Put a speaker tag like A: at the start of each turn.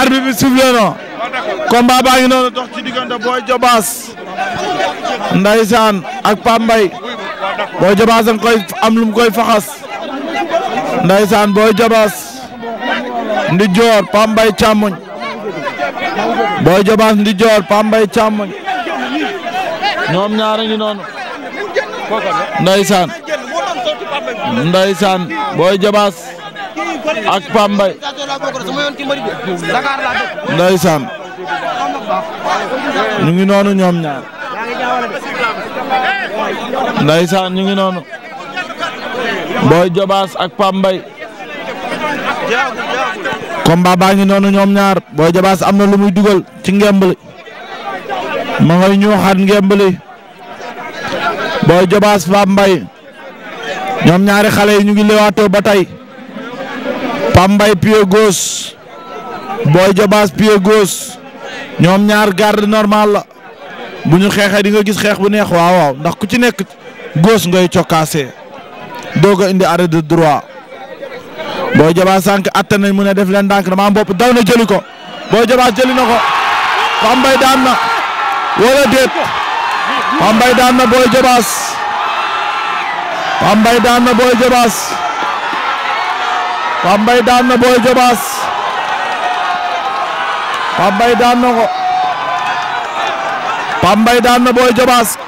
A: arbitre bi sifflé na combat baa ngi noonu dox ci diggante Boy Diobass ndaysaan ak Pape Mbaye Boy koy am lu mu koy faxas ndaysaan Boy Diobass ndi joor Pape Mbaye càmmoñ Boy ndi joor Pape Mbaye ñoom ñaar a ngi noonu Ndeysaan Boy Jabaas ak Pambay Ndeysaan ñu ngi noonu ñoom ñaar Ndeysaan ñu ngi noonu booy Jabaas ak Pambay combat baa ngi noonu ñoom ñaar Boy Jabaas am na lu muy dugal ci ngembali ma nga ñuuxaat ngembali booy Jabaas Pambay ñoom ñaari xale yi ñu ngi lewaatoo ba tey Pambay pied gauche Boy Jobaas pied gauche ñoom ñaar garde normal la bu ñu xeexee di nga gis xeex bu neex waaw waaw ndax ku ci nekk gauche ngay cokkaasee doog a indi arrêt de droit Boy Jobaas sank atte nañ mu ne def leen ndànk dama am bopp daw na jëli ko Boy Jobaas jëli na ko Pambay daan na wala déet Pambay daan na Boy Jobaas
B: Pambay daan na Boy Diobass Pambay